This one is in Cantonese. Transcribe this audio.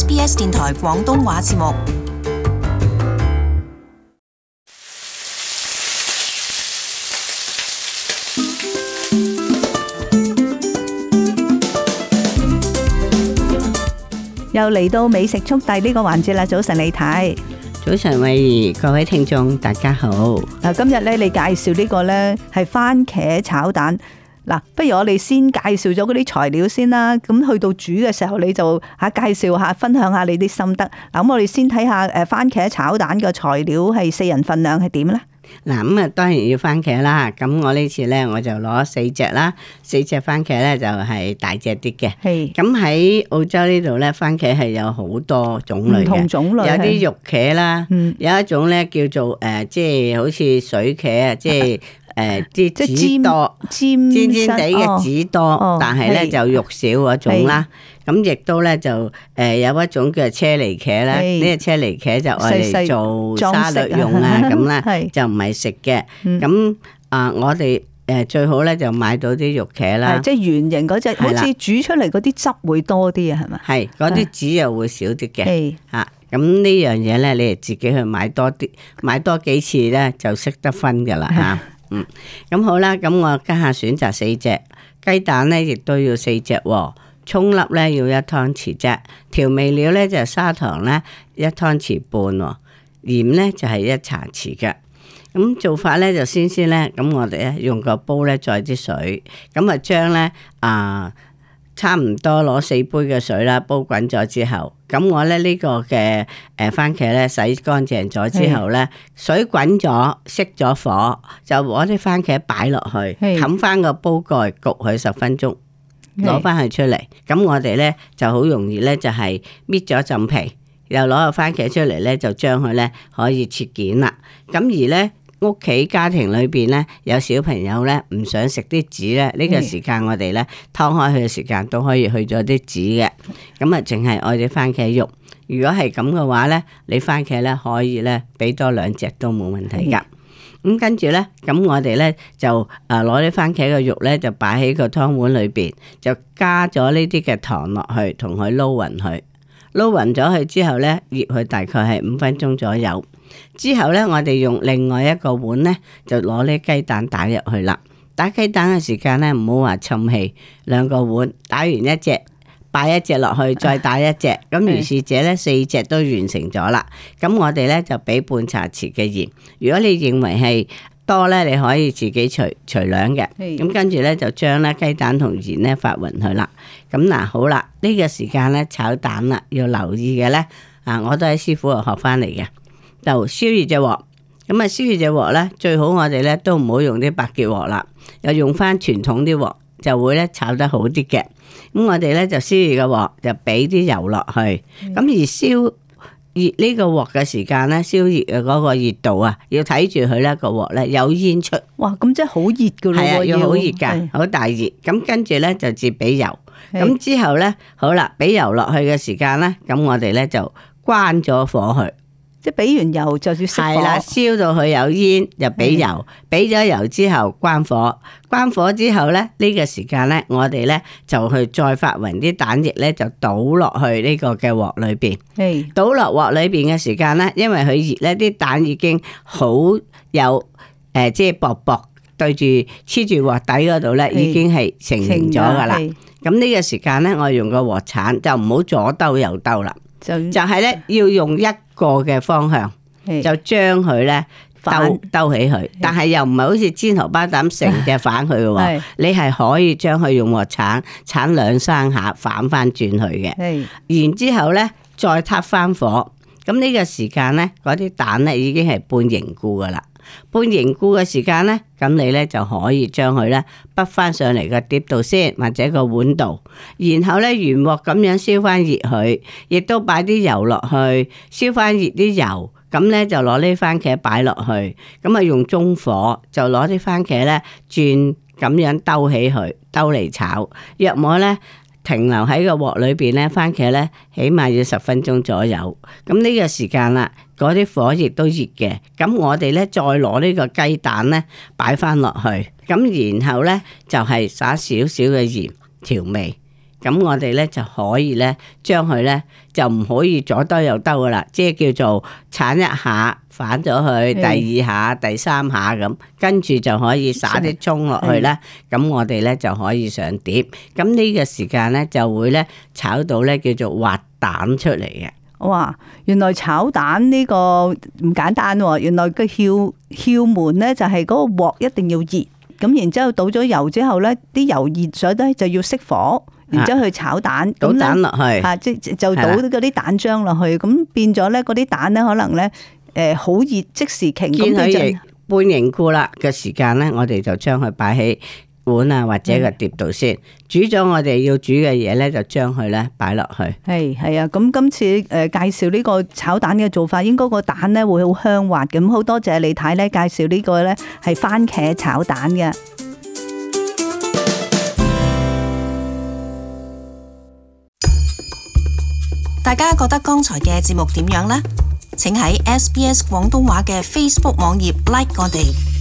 SBS 電台廣東話節目，又嚟到美食速遞呢個環節啦！早晨李太，早晨慧怡，各位聽眾大家好。嗱，今日咧你介紹呢個咧係番茄炒蛋。嗱，不如我哋先介紹咗嗰啲材料先啦。咁去到煮嘅時候，你就嚇介紹下，分享下你啲心得。嗱，咁我哋先睇下誒番茄炒蛋嘅材料係四人份量係點咧？嗱，咁啊當然要番茄啦。咁我呢次咧我就攞四隻啦，四隻番茄咧就係大隻啲嘅。係。咁喺澳洲呢度咧，番茄係有好多種類嘅，唔同種類有啲肉茄啦，嗯、有一種咧叫做誒，即、呃、係、就是、好似水茄啊，即係。誒，啲籽多煎尖尖地嘅籽多，但係咧就肉少嗰種啦。咁亦都咧就誒有一種叫車厘茄啦。呢個車厘茄就係嚟做沙律用啊，咁啦就唔係食嘅。咁啊，我哋誒最好咧就買到啲肉茄啦。即係圓形嗰隻，好似煮出嚟嗰啲汁會多啲啊，係咪？係嗰啲籽又會少啲嘅。吓，咁呢樣嘢咧，你哋自己去買多啲，買多幾次咧就識得分噶啦吓。嗯，咁好啦，咁我家下選擇四隻雞蛋咧，亦都要四隻、哦，蔥粒咧要一湯匙啫，調味料咧就是、砂糖咧一湯匙半、哦，鹽咧就係、是、一茶匙嘅，咁做法咧就先先咧，咁我哋咧用個煲咧再啲水，咁啊將咧啊。差唔多攞四杯嘅水啦，煲滾咗之後，咁我咧呢個嘅誒番茄咧洗乾淨咗之後咧，水滾咗熄咗火，就攞啲番茄擺落去冚翻個煲蓋焗佢十分鐘，攞翻佢出嚟。咁我哋咧就好容易咧就係搣咗浸皮，又攞個番茄出嚟咧，就將佢咧可以切件啦。咁而咧。屋企家庭裏邊咧，有小朋友咧，唔想食啲籽咧，呢個時間我哋咧，湯開佢嘅時間都可以去咗啲籽嘅，咁啊，淨係愛啲番茄肉。如果係咁嘅話咧，你番茄咧可以咧，俾多兩隻都冇問題噶。咁是的 跟住咧，咁我哋咧就啊攞啲番茄嘅肉咧，就擺喺個湯碗裏邊，就加咗呢啲嘅糖落去，同佢撈勻佢。撈勻咗佢之後呢，醃佢大概係五分鐘左右。之後呢，我哋用另外一個碗呢，就攞呢雞蛋打入去啦。打雞蛋嘅時間呢，唔好話沉氣，兩個碗打完一隻，擺一隻落去，再打一隻。咁如是者呢，四隻都完成咗啦。咁我哋呢，就俾半茶匙嘅鹽。如果你認為係，多咧，你可以自己除除量嘅，咁的跟住咧就將咧雞蛋同鹽咧發勻佢啦。咁嗱好啦，呢個時間咧炒蛋啦，要留意嘅咧啊，我都喺師傅度學翻嚟嘅，就燒熱隻鑊。咁啊燒熱隻鑊咧，最好我哋咧都唔好用啲白鐵鑊啦，又用翻傳統啲鑊，就會咧炒得好啲嘅。咁我哋咧就燒熱個鑊，就俾啲油落去，咁而燒，熱呢個鑊嘅時間咧，燒熱嘅嗰個熱度啊，要睇住佢咧個鑊咧，有煙出，哇，咁真係好熱噶咯，係啊，要好熱噶，好大熱。咁跟住咧就接俾油，咁之後咧好啦，俾油落去嘅時間咧，咁我哋咧就關咗火去。即係俾完油就要熄火。係啦，燒到佢有煙，又俾油，俾咗的油之後關火。關火之後咧，呢、呢個時間咧，我哋咧就去再發勻啲蛋液咧，就倒落去呢個嘅鑊裏邊。係的倒落鑊裏邊嘅時間咧，因為佢熱咧，啲蛋已經好有誒、呃，即係薄薄對住黐住鑊底嗰度咧，已經係成型咗噶啦。咁呢個時間咧，我用個鑊鏟就唔好左兜右兜啦。就就係咧要用一個嘅方向，是就將佢咧兜兜起佢，是但係又唔係好似煎荷包蛋成隻反佢嘅，是你係可以將佢用鑊鏟鏟兩三下反翻轉去嘅，是然之後咧再撻翻火，咁、這、呢個時間咧，嗰啲蛋咧已經係半凝固噶啦。半凝固嘅時間呢，咁你呢就可以將佢呢潷翻上嚟，個碟度先，或者個碗度，然後呢，原鑊咁樣燒翻熱佢，亦都擺啲油落去，燒翻熱啲油，咁呢，就攞啲番茄擺落去，咁啊，用中火就攞啲番茄呢轉咁樣兜起佢，兜嚟炒，若果呢，停留喺個鑊裏邊呢，番茄呢起碼要十分鐘左右，咁呢個時間啦。嗰啲火亦都熱嘅，咁我哋咧再攞呢個雞蛋咧擺翻落去，咁然後咧就係、是、撒少少嘅鹽調味，咁我哋咧就可以咧將佢咧就唔可以左兜右兜噶啦，即係叫做鏟一下反咗去，第二下第三下咁，跟住的就可以撒啲蔥落去啦。咁我哋咧就可以上碟。咁呢個時間咧就會咧炒到咧叫做滑蛋出嚟嘅。哇，原來炒蛋呢個唔簡單喎，原來個竅竅門咧就係嗰個鑊一定要熱，咁然之後倒咗油之後咧，啲油熱晒咧就要熄火，然之後去炒蛋，咁的蛋落去，吓即、啊、就，就倒嗰啲蛋漿落去，咁的變咗咧嗰啲蛋咧可能咧，誒好熱即時凝固，半凝固啦嘅時間咧，我哋就將佢擺起。碗啊，或者個碟度，先煮咗，我哋要煮嘅嘢呢，就將佢呢擺落去。係係啊，咁今次誒介紹呢個炒蛋嘅做法，應該個蛋呢會好香滑嘅。咁好多謝李太呢，介紹呢個呢，係番茄炒蛋嘅。大家覺得剛才嘅節目點樣呢？請喺 SBS 廣東話嘅 Facebook 網頁 Like 我哋。